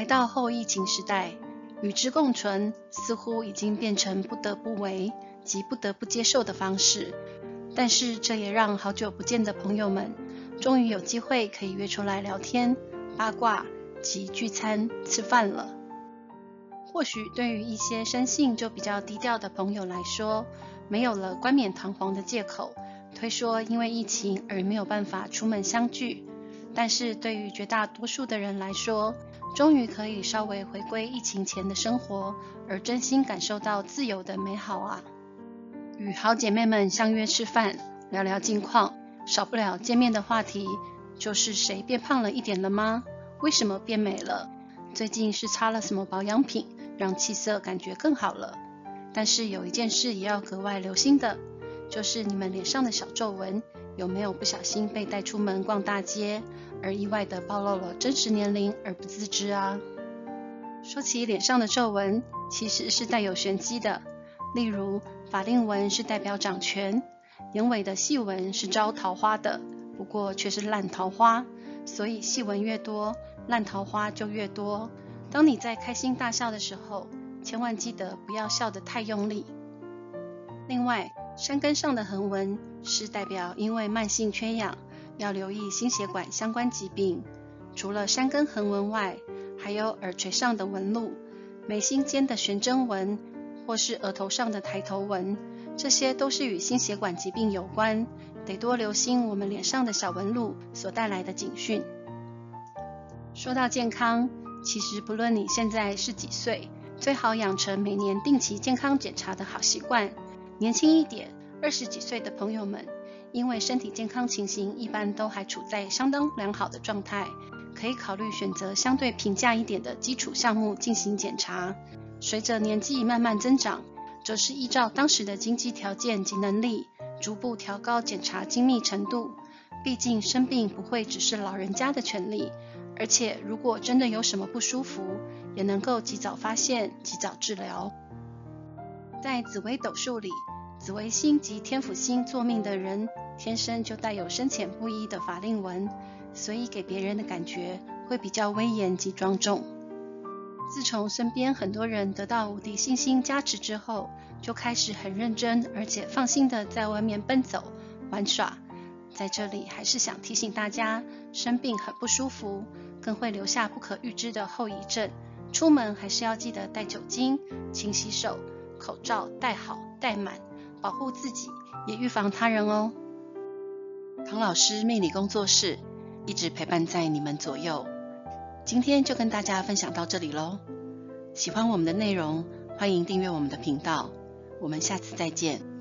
來到後疫情時代，與之共存似乎已經變成不得不為及不得不接受的方式。但是這也讓好久不見的朋友們終於有機會可以約出來聊天、八卦及聚餐吃飯了。或許對於一些生性就比較低調的朋友來說，沒有了冠冕堂皇的借口，推說因為疫情而沒有辦法出門相聚。但是對於絕大多數的人來說，終於可以稍微回歸疫情前的生活，而真心感受到自由的美好啊！與好姐妹們相約吃飯，聊聊近況，少不了見面的話題，就是誰變胖了一點了嗎？為什麼變美了？最近是擦了什麼保養品，讓氣色感覺更好了？但是有一件事也要格外留心的，就是你們臉上的小皺紋，有沒有不小心被帶出門逛大街？而意外的暴露了真實年齡而不自知啊。說起臉上的皺紋，其實是帶有玄機的。例如，法令紋是代表掌權，眼尾的細紋是招桃花的，不過卻是爛桃花，所以細紋越多，爛桃花就越多。當你在開心大笑的時候，千萬記得不要笑得太用力。另外，山根上的橫紋是代表因為慢性缺氧。要留意心血管相關疾病，除了山根橫紋外，還有耳垂上的紋路、眉心間的懸針紋，或是額頭上的抬頭紋，這些都是與心血管疾病有關，得多留心我們臉上的小紋路所帶來的警訊。說到健康，其實不論你現在是幾歲，最好養成每年定期健康檢查的好習慣。年輕一點，二十幾歲的朋友們。因為身體健康情形一般都還處在相當良好的狀態，可以考慮選擇相對平價一點的基礎項目進行檢查。隨着年紀慢慢增長，則是依照當時的經濟條件及能力，逐步調高檢查精密程度。畢竟生病不會只是老人家的權利，而且如果真的有什麼不舒服，也能夠及早發現、及早治療。在紫微斗數裡。紫微星及天府星坐命的人，天生就帶有深淺不一的法令紋，所以給別人的感覺會比較威嚴及莊重。自從身邊很多人得到無敵星星加持之後，就開始很認真而且放心的在外面奔走玩耍。在這裡還是想提醒大家，生病很不舒服，更會留下不可預知的後遺症。出門還是要記得帶酒精、勤洗手、口罩戴好戴滿。保護自己，也預防他人哦。唐老師命理工作室一直陪伴在你們左右，今天就跟大家分享到這裡嘍。喜歡我們的內容，歡迎訂閱我們的頻道，我們下次再見。